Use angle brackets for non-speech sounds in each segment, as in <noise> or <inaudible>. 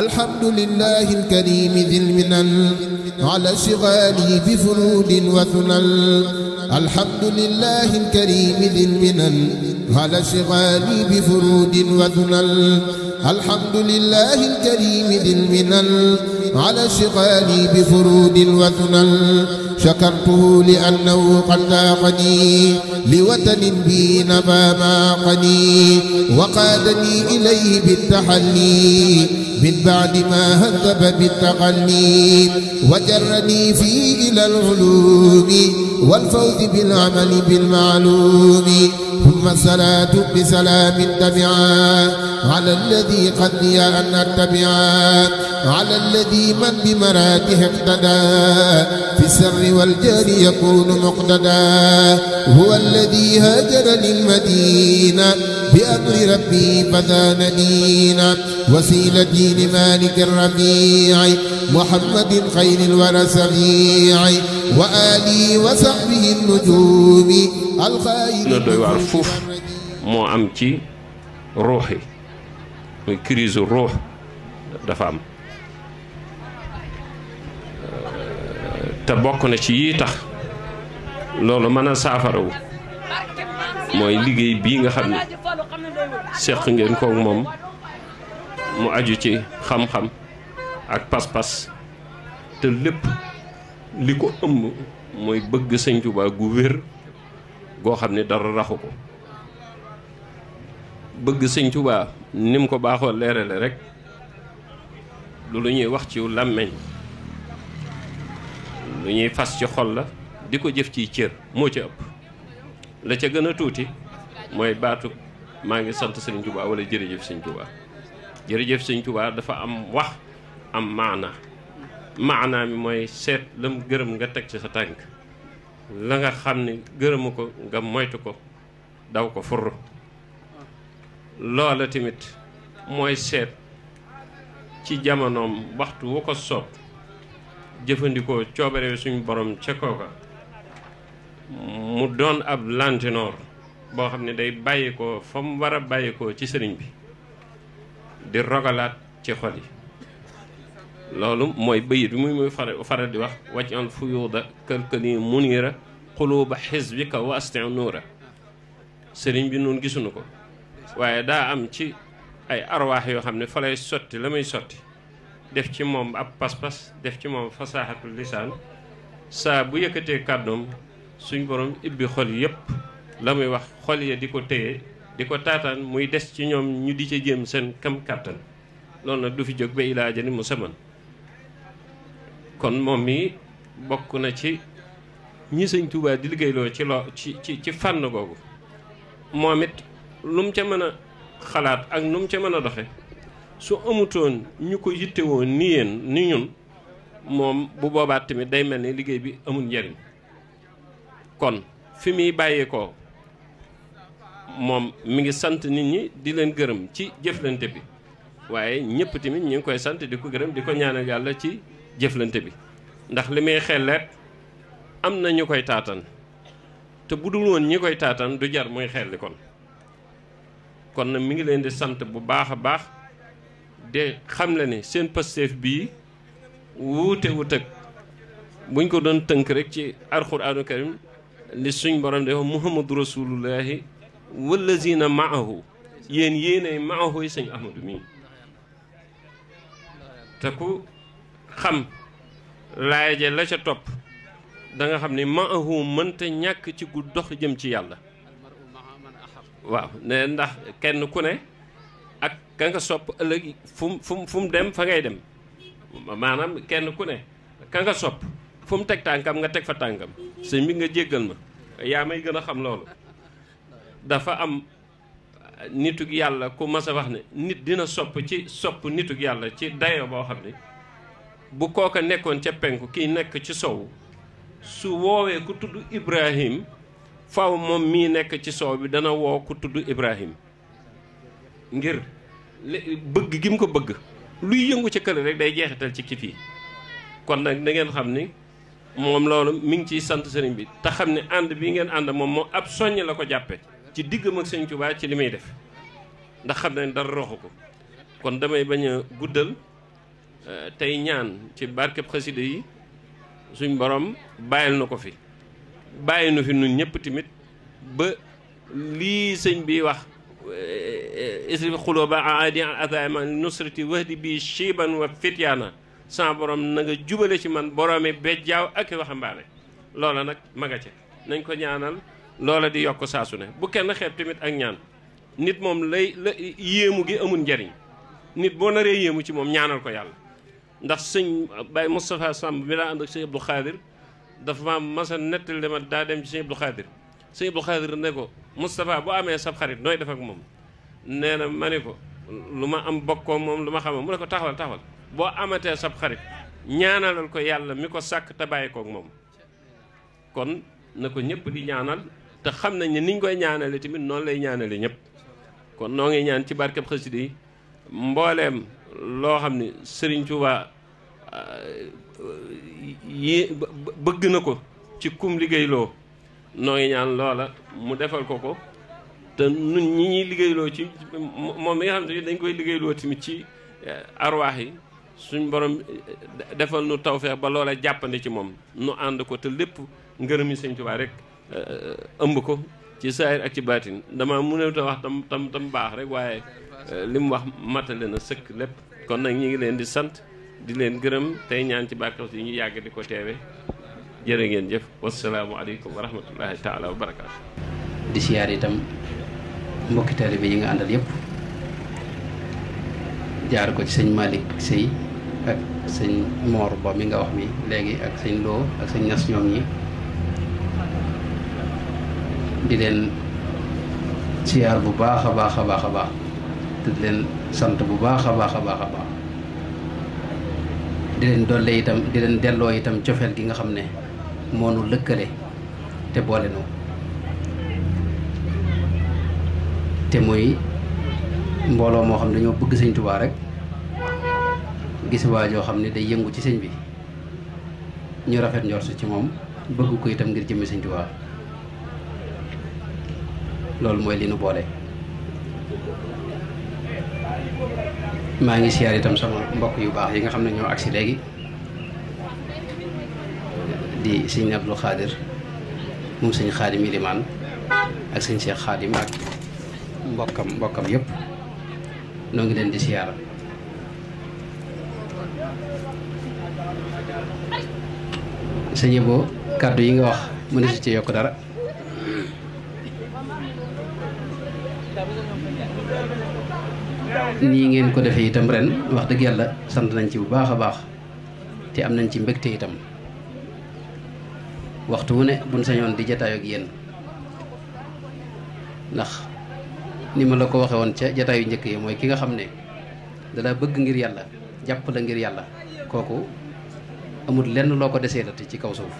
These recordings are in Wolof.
الحمد لله الكريم ذي المنن على شغالي بفنود وثنل الحمد لله الكريم ذي المنن على شغالي بفرود وثنل الحمد لله الكريم ذي المنن على شغالي بفرود وثنل شكرته لأنه قد ذاقني لوطن بي ما قني وقادني إليه بالتحلي من بعد ما هذب بالتقلي وجرني فيه إلى العلوم والفوز بالعمل بالمعلوم ثم الصلاة بسلام تبعا على الذي قد لي أن أتبعا على الذي من بمراته اقتدى في السر والجار يكون مقتدى هو الذي هاجر للمدينة بأمر ربي فذان دينا وسيلتي لمالك الربيع محمد خير الورى سبيع وآلي وصحبه النجوم na doy waar fuuf moo am ci ruux yi muy crise ruux dafa am euh, te bokk na ci yii tax loolu mën a saafarawu mooy liggéey bii nga xam ni seq ngeen koog moom mu aju ci xam-xam ak pas-pas te lépp li ko ëmb mooy bëgg Sëñ Tuubaa gu wér goo xam ne dara raxu ko bëgg sëñ Tuubaa ni mu ko baaxoo leerale rek lu lu ñuy wax ci làmmeñ lu ñuy fas ci xol la di ko jëf ciy cër moo ci ëpp la ca gën a tuuti mooy baatu maa ngi sant sëñ Tuubaa wala jërëjëf sëñ Tuubaa jërëjëf sëñ Tuubaa dafa am wax am maana maana mi mooy seet lam gërëm nga teg ci sa tànk la nga xam ne gërëmu ko nga moytu ko daw ko furru loola tamit mooy seet ci jamonoom waxtu wu ko soob jëfandikoo coobare suñu borom ca kooka mu doon ab lantinoor boo xam ne day bàyyikoo fa mu war a bàyyikoo ci sëriñ bi di rogalaat ci xol yi loolu mooy bayit bi muy muy fara faral di wax wàcc al fuyuuda kalkali munira xuluuba xisbika wa astin nuura sëriñ bi noonu gisuñu ko waaye daa am ci ay arwaax yoo xam ne fa lay sotti la muy sotti def ci moom ab pas-pas def ci moom fasaaxatul lisaan saa bu yëkkatee kàddoom suñ borom ibbi xol yëpp la muy wax xol ya di ko téye di ko taataan muy des ci ñoom ñu di ca jéem seen kam kàttan loolu nag du fi jóg ba ilaa ajali musamman kon moom mi bokk na ci ñi sëñ Tuubaa di liggéeyloo ci loo ci ci ci fànn googu moom it lu mu ca mën a xalaat ak nu mu ca mën a doxe su amutoon ñu ko yittewoo woon yéen ni ñun moom bu boobaa tamit day mel ni liggéey bi amul njariñ kon fi muy bàyyeekoo moom mu ngi sant nit ñi di leen gërëm ci jëflante bi waaye ñëpp tamit ñu ngi koy sant di ko gërëm di ko ñaanal yàlla ci jëflante bi ndax li may xelleet am na ñu koy taatan te bu dul woon ñi koy taatan du jar muy xelli kon kon nag mi ngi leen di sant bu baax a baax de xam la ni seen pasteef bii wuute wut ak buñ ko doon tënk rek ci alxuraanu karim li suñ borom de muhammadu rasulullahi wallazina maahu yéen yéenay maahu yi sëñ ahmadu mii xam laaya ja la ca topp danga xam ni maahu mënta ñàkk ci gu dox jëm ci yàlla waaw ne ndax kenn ku ne ak ka nga sopp ëllëg fu mu fu dem fa ngay dem maanaam kenn ku ne ka nga sopp fu teg tànkam nga teg fa tànkam sëñ bi nga jéggal ma yaa may gën a xam loolu dafa am nitug yàlla ku mas a wax ne nit dina sopp ci sopp nituk yàlla ci dayo boo xam ne bu kooka nekkoon ca penku kiy nekk ci sow su woowee ku tudd Ibrahim faw moom mii nekk ci soow bi dana woo ku tudd Ibrahim ngir bëgg gi mu ko bëgg luy yëngu ci kële rek day jeexital ci kii fii kon nag da ngeen xam ni moom loolu mi ngi ciy sant sëriñ bi te xam ne ànd bi ngeen ànd moom moo ab soññ la ko jàppe ci diggam ak sëñ Tuubaa ci li muy def ndax xam ne dara roxu ko kon damay bañ a guddal Euh, tey ñaan ci barkeb xasida yi suñ borom bàyyil na ko fi bàyyi nu fi nun ñëpp tamit ba lii sëñ bi wax euh, isrif xuloo ba aadi an athaman nusrati wahdi bi shiban wa fityaana sans borom na nga jubale ci man boroomi bejjaaw ak waxambaane loola nag maga ca nañ ko ñaanal loola di yokk saasu ne bu kenn xeeb tamit ak ñaan nit moom lay la yéemu gi amul njariñ nit boo naree yéemu ci moom ñaanal ko yàlla ndax sëñ Baye Moustapha Samb mi laa ànd ak sëñ Abdou Khadir dafa ma mas a nettali ma daa dem ci sëñ Abdou Khadir sëñ Abdou Khadir ne ko Moustapha bu amee sab xarit nooy def ak moom nee na ma ne ko lu ma am bokkoo moom lu ma xamoon mu ne ko taxawal taxawal boo amatee sab xarit ñaanalal ko yàlla mi ko sàkk te bàyyi kook moom kon na ko ñëpp di ñaanal te xam nañ ni niñ koy ñaanale tamit noonu lay ñaanale ñëpp kon noo ngi ñaan ci barkeb xasida yi mbooleem loo xam ne sëriñ Touba euh, yi bëgg na ko ci kum liggéeyloo noo ngi ñaan loola mu defal ko ko te nun ñi ñuy liggéeyloo ci moom mi nga xam ne dañ koy liggéeyloo tamit ci euh, arwaax yi suñ borom euh, defal nu tawfeex ba loola jàppandi ci moom nu ànd ko te lépp ngërëmi Sëñ Tuubaa rek ëmb ko ci saayir ak ci baatin dama mënut a wax tam tam tam baax rek waaye Euh, li mu wax matale na sëkk lépp kon nag ñi ngi leen di sant di leen gërëm tey ñaan ci bàkkaw yi ñu yàgg di ko ngeen jëf wasalaamualeykum wa rahmatullahi taala di siyaar itam mbokki taalibe yi nga àndal yëpp jaar ko ci sëñ Malick Sey ak sëñ Mor mi nga wax mi léegi ak sëñ ak sëñ Nas ñoom di leen siyaar bu baax a baax a baax a baax te di leen sant bu baax a baax a baax a baax di leen dolle itam di leen delloo itam cofeel gi nga xam ne moo lëkkale te boole nu te muy mbooloo moo xam ne dañoo bëgg sëñ Tuubaa rek gis waa joo xam ne day yëngu ci sëñ bi ñu rafet njort ci moom bëgg ko itam ngir jëmmi sëñ Tuubaa loolu mooy li nu boole maa ngi siyaar itam sama mbokk yu baax yi nga xam ñoo agsi léegi di sëñ Abdou Khadir moom sëñ Khadim iliman ak sëñ Cheikh Khadim ak mbokkam mbokkam yëpp noo ngi leen di siyaara sëñ Ebo kàddu yi nga wax ci yokk dara nii ngeen ko defee itam ren wax dëgg yàlla sant nañ ci bu baax a baax te am nañ ci mbégte itam waxtu wu ne buñ sañoon di jataay ak yéen ndax ni ma la ko waxe woon ca jataayu njëkk yi mooy ki nga xam ne dalaa bëgg ngir yàlla jàpp la ngir yàlla kooku amul lenn loo ko desee lati ci kaw suuf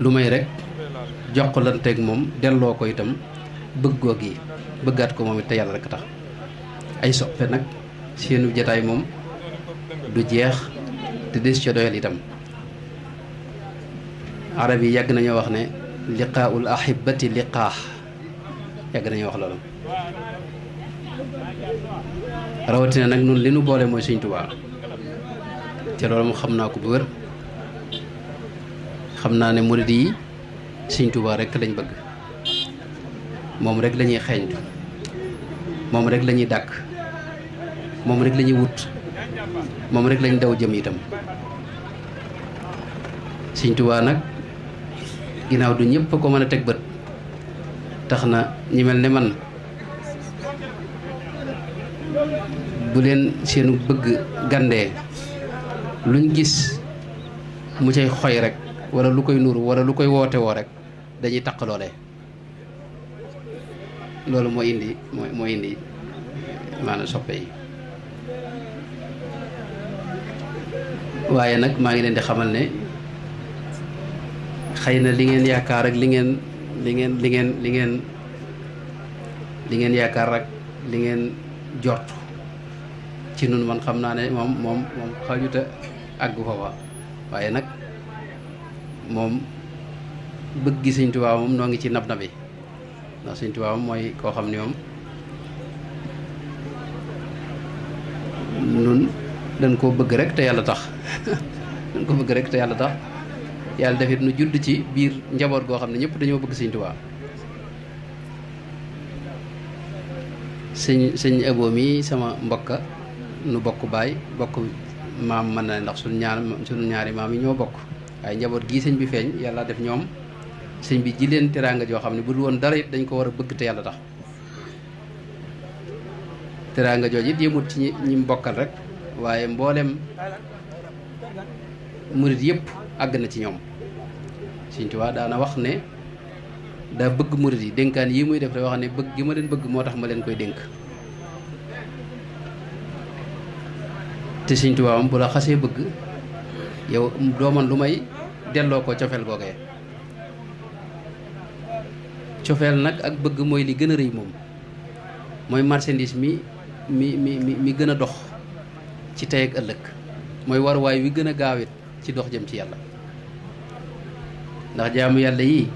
lu may rek joxlanteeg moom delloo ko itam bëggoo gi bëggaat ko moom it te yàlla rek tax ay soppe nag seenu jataay moom du jeex te des ca doyal itam arab yi yàgg nañoo wax ne liqaaul ahibati liqaax yàgg nañoo wax loolu rawatina nag nun li nu boole mooy Sëñ Tuubaa te loolu mu xam naa ko bu wér xam naa ne murid yi Sëñ Tuubaa rek lañ bëgg mom rek lañuy xeeñtu mom rek lañuy dak mom rek lañuy wut mom rek lañ daw jëm itam Sëñ Tuubaa nak ginaaw du ñepp ko mëna tek teg bët tax ñi melni man bu len seenu bëgg gandé luñ gis mu cey xoy rek wala lu koy nuru wala lu koy wote wo rek dañuy tak lolé loolu moo indi moo moo indi maanaam soppe waaye nag maa ngi leen di xamal ne xëy na li ngeen yaakaar ak li ngeen li li ngeen li ngeen li ngeen yaakaar ak li ngeen jort ci nun man xam naa ne moom moom moom xajuta àggu foofa waaye nag moom bëgg gi Sëñ Tuubaa moom noo ngi ci nab nabi ndax sëñ Tuubaa mooy koo xam ne moom nun dañ koo bëgg rek te yàlla tax <laughs> dañ ko bëgg rek te yàlla tax yàlla defit nu judd ci biir njaboot goo xam ne ñëpp dañoo bëgg sëñ Tuubaa sëñ sëñ ëboo mi sama mbokka nu bokk baay bokk maam mën na ne ndax suñu ñaar ñaari maam yi ñoo bokk waaye njaboot gii sëñ bi feeñ yàlla def ñoom sëñ bi ji leen teraanga joo xam ne bu dul woon dara it dañ ko war a bëgg te yàlla tax teraanga jooju it yëmut ci ñi mbokkal rek waaye mbooleem murit yëpp àgg na ci ñoom sëñ Tuubaa daana wax ne daa bëgg murit yi dénkaan yi muy def rek wax ne bëgg gi ma leen bëgg moo tax ma leen koy dénk te sëñ Tuubaa bu la xasee bëgg yow doo lu may delloo ko cofeel googee cofeel nak ak bëgg moy li gëna reuy mom moy marchandise mi mi mi mi mi a dox ci tay ak moy war way wi gëna gaawit ci dox jëm ci yalla ndax jaamu yalla yi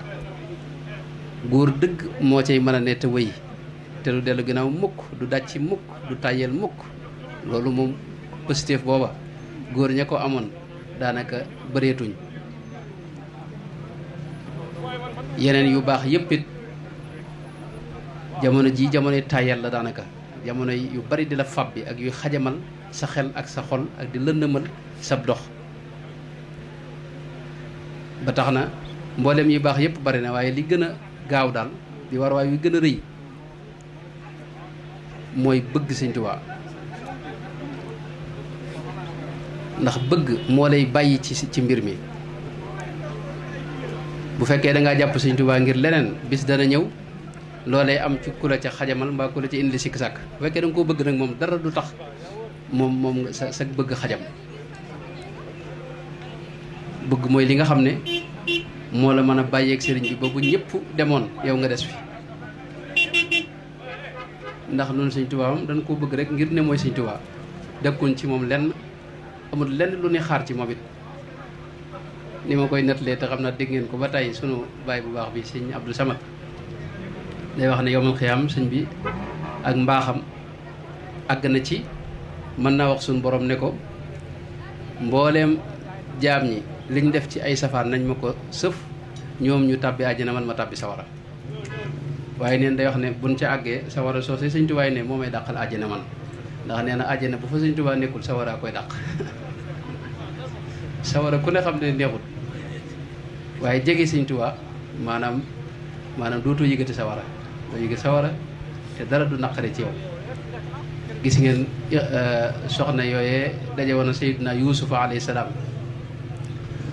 goor dëgg mo cey mëna a wëy té lu délu gënaaw mukk du ci mukk du tayel mukk lolu mom positif boba goor ko yu bax yëpp jamono jii jamonoy tàyyal la daanaka jamono yu bari di la fab bi ak yuy xajamal sa xel ak sa xol ak di lëndëmal sab dox ba tax na mboolem yu baax yépp bari na waaye li gën a gaaw daal di war waay yu gën a rëy mooy bëgg Sëñ Tuubaa ndax bëgg moo lay bàyyi ci ci mbir mi bu fekkee da ngaa jàpp Sëñ Tuubaa ngir leneen bis dana ñëw lolé am ci kula ci xajamal mba kula ci indi sik sak fekke dang ko bëgg nak mom dara du tax mom mom sa bëgg xajam bëgg moy li nga xamne mo la mëna bayé ak sëriñ bi ba bu ñepp demone yow nga dess fi ndax non tuba touba dañ ko bëgg rek ngir ne moy sëriñ tuba dekkun ci mom lenn amul lenn lu ni xaar ci momit ni ma koy netlé te xamna deg ngeen ko batay sunu bay bu baax bi sëriñ abdou samad day wax ne yowmal xiyaam sëñ bi ak mbaaxam àgg na ci mën naa wax suñu borom ne ko mbooleem jaam ñi liñ def ci ay safaan nañ ma ko sëf ñoom ñu tàbbi àjjana man ma tàbbi sawara waaye neen day wax ne buñ ca àggee sawara soosee sëñ ne moo may dàqal àjjana man ndax nee na àjjana bu fa sëñ tubaa nekkul sawara koy dàq <laughs> sawara ku ne xam ne neexut waaye jege sëñ tubaa maanaam maanaam dootoo yëgati sawara dañu ngi sawara te dara du naqari ci yow gis ngeen euh, soxna yooyee daje woon Seydina Yuusufa alayhi salaam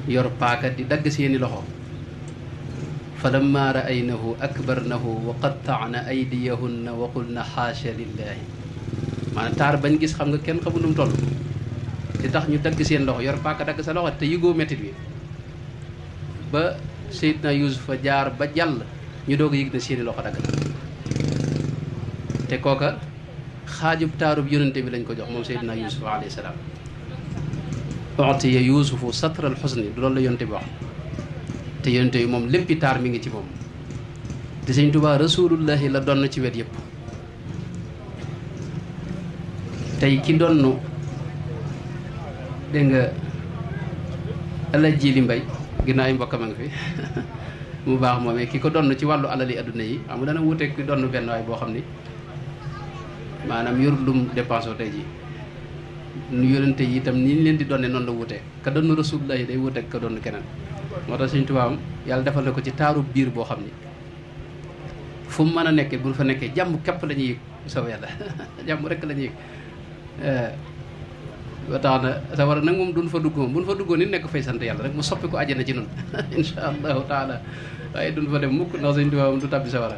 yor paaka di dagg seeni loxo falamma raaynahu akbarnahu wa qattaana aydiyahunna wa qulna xaasha lillaahi maanaam taar bañ gis xam nga kenn xamul nu mu tax ñu dagg seen loxo yor paaka dagg sa loxo te yëgoo mettit bi ba Seydina Yuusufa jaar ba jàll ñu doo a yëg na seeni loxo dagg te kooka xaajub taarub yonente bi lañ ko jox moom Seydina Yuusuf alayhi salaam utiya yuusufu satral xusni loolu la yonente bi wax te yonente bi moom léppi taar mi ngi ci moom te Sëñ Tuubaa rasulullahi la donn ci wet yëpp tey ki donn dégg nga alal ji li mbay ginnaaw ay mbokkam a ngi fi <laughs> mu baax moomee ki ko donn ci wàllu alali adduna yi xam nga dana wuteeg ki donn benn waay boo xam ni maanaam yorut lum dépensé tey ji yonente yi itam ni ñu leen di donne noonu la wutee ka doon rasulullah yi day wuteeg ka doon keneen moo tax suñu tubaabam yàlla defal na ko ci taaru biir boo xam ni fu mu mën a nekkee bu fa nekkee jàmb képp lañuy ñuy yëg soo yàlla <laughs> jàmm rek la ñuy yëg ba tax na sa war a nag moom duñ fa dugg moom buñ fa duggoon ni nekk fay sant yàlla rek mu soppi ko àjjana ci noonu <laughs> incha allahu taala waaye duñ fa dem mukk ndax suñu tubaabam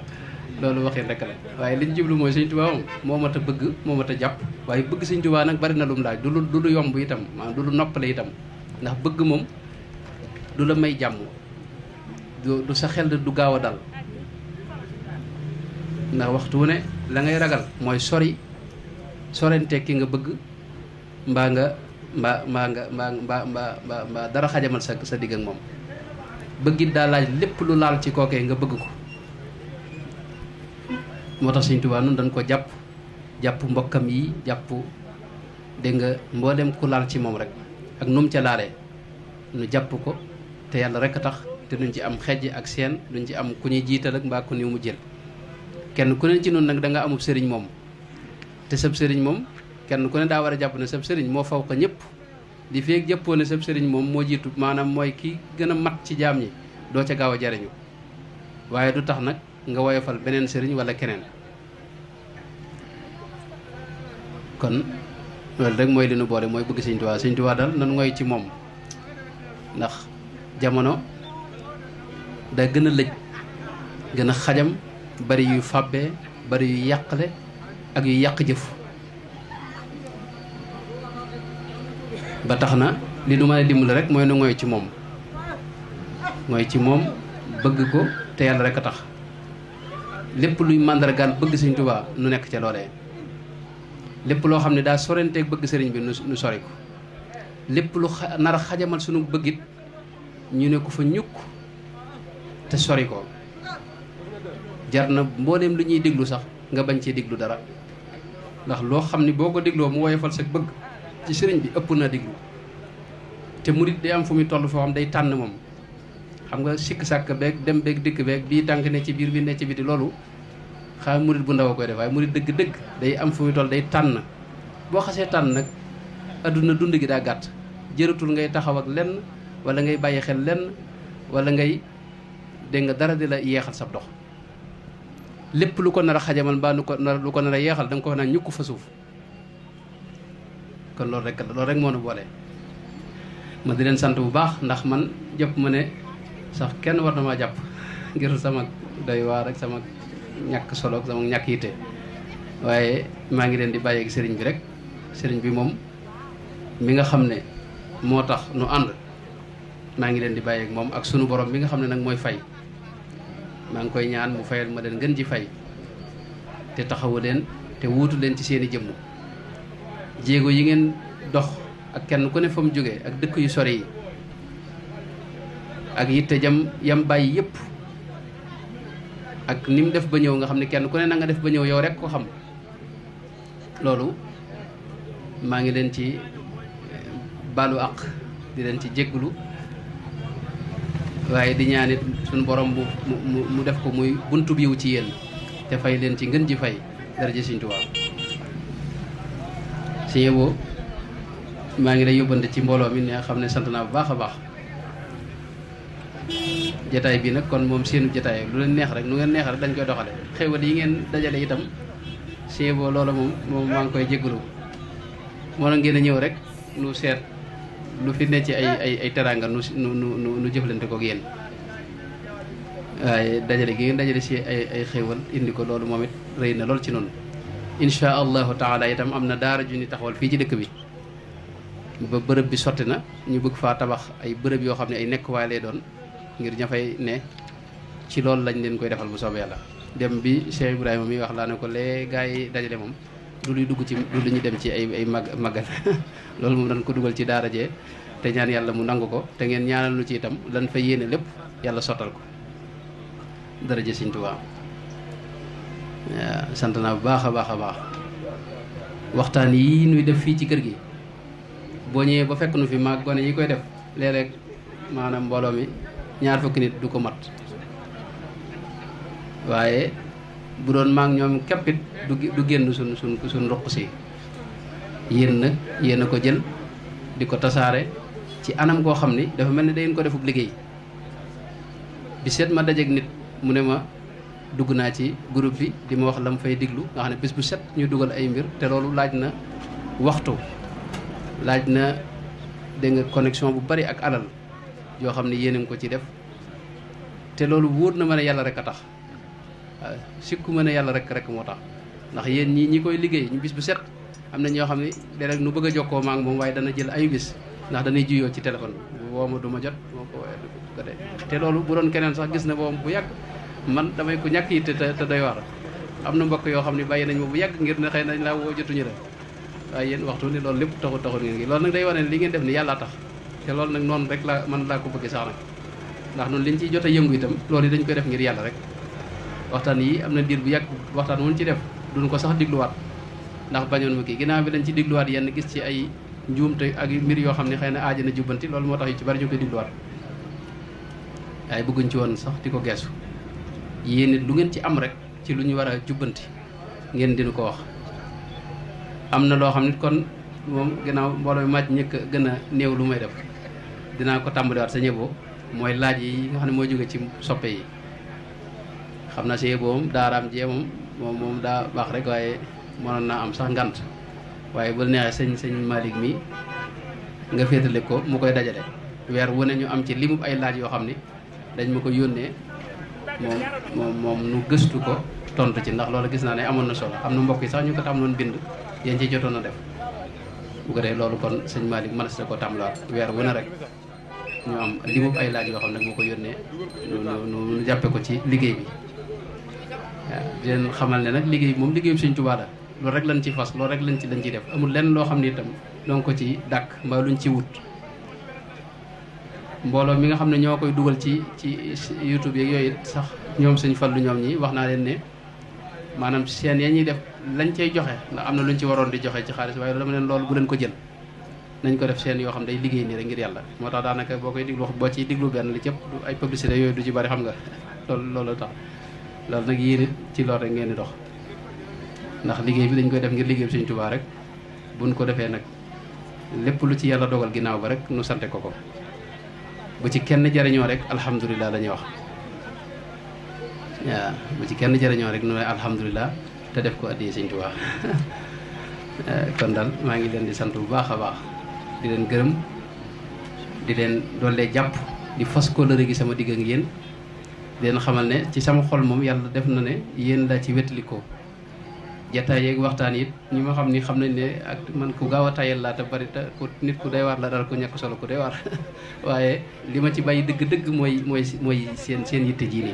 loolu waxe rek la waye liñ jiblu moy seigne touba moo mat bëgg moo mat japp waye bëgg seigne touba nak bari na lu mu laaj dulu dulu yomb itam man nah, dulu lu noppale itam ndax bëgg mom du la may jamm du sa xel du gawa dal ndax waxtu wu ne la ngay ragal moy sori sorente ki nga bëgg mba nga mba mba nga mba mba mba mba dara xajamal sa sa digg ak mom bëggit da laaj lepp lu laal ci koke nga bëgg ko moo tax sëñ Tuubaa noonu dañ ko jàpp jàpp mbokkam yi jàppu dégg nga mboolem ku laal ci moom rek ak nu ca laalee nu jàpp ko te yàlla rek a tax te duñ ci am xejj ak seen duñ ci am ku ñuy jiital ak mbaa ku ñu mu jël kenn ku ne ci noonu nag da nga amub sëriñ moom te sab sëriñ moom kenn ku ne daa war a jàpp ne sab sëriñ moo faw ko ñëpp di feeg jàppoo ne sab sëriñ moom moo jiitu maanaam mooy ki gën a mat ci jaam yi doo ca gaaw a jariñu waaye du tax nag nga woyofal benen serigne wala kenen kon lol rek moy li nu boole moy bëgg serigne touba serigne touba dal nan ngoy ci mom ndax jamono da gëna a gëna xajam bari yu fàbbee bari yu yàqle ak yu yaq jëf ba taxna li nu mën dimbul rek moy nu ngoy ci mom mooy ci mom bëgg ko te yalla rek tax lepp luy mandargal bëgg sëriñ Tuubaa nu nekk ci lolé lepp lo xam da daa sorenteeg bëgg sëriñ bi nu sori ko lepp lu nar xajamal suñu bëggit ñu ne ko fa ñuk te sori ko jarna na lu ñuy sax nga bañ ci dara ndax lo xamni boko boo mu woyofal sax bëgg ci sëriñ bi ëpp na déglu te murit day am fu mi tollu fo xam day mom xam nga sikk sàkk beeg dem beeg dikk beek bii tànk ne ci biir bi ne ci biti loolu xaa murit bu ndaw a koy def waaye dëgg-dëgg day am fu muy toll day tànn boo xasee tànn nag àdduna dund gi daa gàtt jëratul ngay taxaw ak lenn wala ngay bàyyi xel lenn wala ngay dégg nga dara di la yeexal sab dox lépp lu ko nar a xajamal mbaa lu ko nar lu ko nar a yeexal da nga ko naan ñukk fa suuf kon loolu rek loolu rek moo a boole ma di leen sant bu baax ndax man jëpp ma ne sax kenn war na maa jàpp ngir sama doy waar ak sama ñàkk solo ak sama ñàkk yitte waaye maa ngi leen di bàyyeeg sëriñ bi rek sëriñ bi moom mi nga xam ne moo tax nu ànd maa ngi leen di bàyyeek moom ak sunu borom bi nga xam ne nag mooy fay maa ngi koy ñaan mu fayal ma leen gën ji fay te taxawu leen te wuutu leen ci seeni jëmm jéego yi ngeen dox ak kenn ku ne fa mu jóge ak dëkk yu sori yi ak yitte jam yam bay ak nim def ba ñew nga xam kenn ku ne nga def ba ñew yow rek ko xam lolu ma ngi len ci eh, balu ak di len ci jéglu waye di ñaan it suñu borom bu mu def ko muy buntu biw ci yeen te fay len ci ngeen ji fay daraja Sëriñ Tuubaa si yeboo ma ngi lay yobante ci mbolo mi ne xamne bu baaxa baax jataay bii nag kon moom seenu jataay lu leen neex rek nu ngeen neex rek dañ koy doxale xéwal yi ngeen dajale itam sëñ boo loola moom maa ngi koy jégalu moo ngeen a ñëw rek nu seet lu fi ci ay ay ay teraanga nu nu nu nu jëflante koog ay ay xéwal indi ko loolu moom it rëy na lool ci noonu. incha allahu taala itam am na daara ju ni taxawal fii ci dëkk bi ba bërëb bi sotti na ñu bëgg faa tabax ay bërëb yoo xam ne ay nekkuwaay lay doon. ngir ña fay ne ci lool lañ leen koy defal bu soobé yalla dem bi cheikh ibrahima mi wax la ne ko lé gaay dajalé mom du luy dugg ci du lu dem ci ay ay mag magal <laughs> lool mom dañ ko duggal ci daara jee te ñaan yalla mu nangu ko te ngeen ñaanal lu ci itam lañ fa yéene lepp yalla sotal ko daraje sëñ tuubaa sant naa bu baax baaxa baax baax waxtaan yi ñuy def fi ci kër gi bo ñewé ba fekk nu fi maag gone yi koy def léeg-léeg maanaam mi ñaar fukk nit du ko mat waaye bu doon maag ñoom képpit du génn sun sun sun ruq si ko jël di ko tasaare ci anam goo xam ni dafa mel ni dayen ko defub liggéey bi set ma dajeeg nit mu ne ma dugg naa ci groupe bi di ma wax lam fay diglu nga xam ne bis bu set ñu dugal ay mbir te loolu laaj na waxtu laaj na dégg connexion bu bari ak alal yo xamni yene ngi ko ci def te lolou wóor na ma yalla rek tax sikku ma yalla rek rek motax ndax yeen ñi ñi koy liggéey ñu bis bu set amna ño xamni xam de rek nu bëgg a ma ak mom way dana jël ay bis ndax dana juyo ci téléphone woo duma jot moko way ko loolu bu doon keneen sax gis na boom bu yàgg man damay ko ñàkk yi té doy war amna mbokk yo xamni ne nañ mo bu yàgg ngir na xey nañ wo jotu ñu dé waaye yeen waxtu ni loolu lepp taxu taxu ngeen ngi loolu nak day wone li ngeen def ni yalla tax te loolu nak non rek la man la ko bëgg sax nak ndax non liñ ci jotta yëngu itam yi dañ koy def ngir yalla rek waxtan yi amna dir bu yak waxtan wuñ ci def duñ ko sax wat ndax bañoon mu ki ginnaaw bi dañ ci wat yenn gis ci ay te ak mir yo xamni xeyna na aaji na jubanti loolu motax tax ci bari jukki diglu wat ay bëggun ci woon sax diko gessu geesu lu ngeen ci am rek ci luñu wara jubanti ngeen dinu ko wax amna lo xamni kon mom ginaaw mbolo maaj ñek gëna gën lu may def dinaa ko tàmbaliwaat sa ñëboo mooy laaj yi nga xam ne moo jóge ci soppe yi xam na sa yëboo moom daaraam jee moom daa baax rek waaye mënoon naa am sax ngant waaye bu neexee sëñ sëñ Malick mi nga féetale ko mu koy dajale weer wu ne ñu am ci limu ay laaj yoo xam ne dañ ma ko yónnee moom moom nu gëstu ko tontu ci ndax loolu gis naa ne amoon na solo am na mbokk yi sax ñu ko tàmbaloon bind yéen ci jotoon a def bu ko dee loolu kon sëñ Malick mën na si ko tàmbalaat weer wu ne ñu am li ay laaj yoo xam nag moo ko yónnee nu nu jàppe ko ci liggéey bi leen xamal ne nag liggéey bi moom liggéey bi Sëñ Tuubaa la loolu rek lañ ci fas loolu rek lañ ci lañ ciy def amul lenn loo xam ne itam donc ko ci dàkk mbaa luñ ci wut mbooloo mi nga xam ne ñoo koy dugal ci ci YouTube yeeg yooyu sax ñoom Sëñ lu ñoom ñi wax naa leen ne maanaam seen ya ñuy def lañ cay joxe ndax am na luñ ci waroon di joxe ci xaalis waaye dama leen loolu bu leen ko jël nañ ko def seen yoo xam day liggéey nii rek ngir yàlla moo tax daanaka boo koy diglu boo ciy diglu benn li du ay publicité yooyu du ci bari xam nga <laughs> loolu loolu tax loolu nag yéen ci loolu rek ngeen di dox ndax liggéey bi dañ koy def ngir liggéey bi Sëñ Tuubaa rek buñ ko defee nag lépp lu ci yàlla dogal ginnaaw ba rek nu sante ko ko bu ci kenn jariñoo rek alhamdulilah la wax waaw bu ci kenn jariñoo rek nu ne alhamdulilah te def ko addi Sëñ <laughs> maa ngi leen di sant bu baax a baax di len gërëm di len dolé japp di fas kóllëre gi sama digëng yeen di len xamal né ci sama xol mom yalla def na né yeen la ci wétlikoo jotta yeek waxtaan it ñi ma xam ni xam nañ ne ak man ku gawa tayel la ta bari ta ko nit ku day war la dal ko ñek solo ku day war <laughs> wayé li ma ci bayyi dëgg-dëgg moy moy moy seen seen yitté ji ni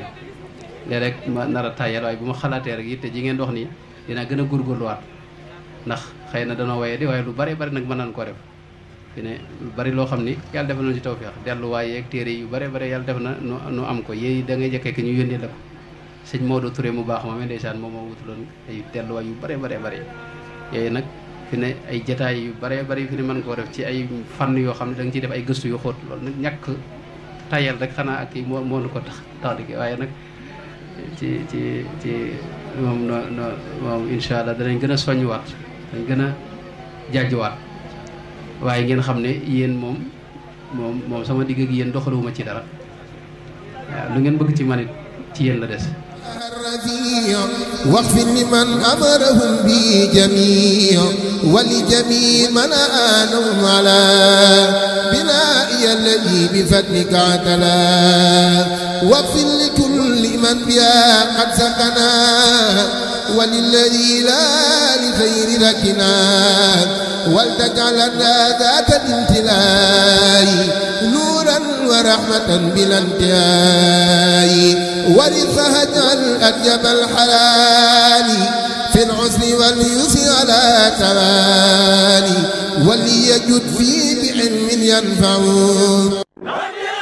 lé rek ma nara tayel way buma xalaté rek yitté ji ngeen dox ni dina gëna gurgul góorgóorluwaat ndax xeyna dana danoo waye di waaye lu bari bari nak manan ko def fi ne bari lo xamni yalla yàlla defal na ci tawfiq delu waye ak téere yu bari bari yalla def na nu am ko yeey da ngay jëkkee ki ñu yëndé la ko sëñ modou Touré mu baax moomee ndeysaan moom moo wutuloon ay delluwaay yu bari bari bari yeey nak fi ne ay jotaay yu bari bari fi ne man ko def ci ay fan yo xamni da nga ci def ay gëstu yu xoot lool nak ñak tayal rek xana ak mo moo ko tax tax di waaye nag ci ci ci mom no no moom incha allah danañ gën a soññiwaat danañ gëna a waat waaye ngeen xam ne yéen moom moom moom sama digg ak yéen doxaluma ci dara waaw lu ngeen bëgg ci manit ci yéen la des واغفر لمن أمرهم بي جميع ولجميع من آلهم على بنائي الذي بفضلك عتلا واغفر لكل من بها قد سكنا وللذي لا لخير لكنا ولتجعلنا ذات الامتلاء نور ورحمة بلا انتهاء ورثها اجعل أطيب الحلال في العسر واليسر على تمالي وليجد فيه بعلم ينفع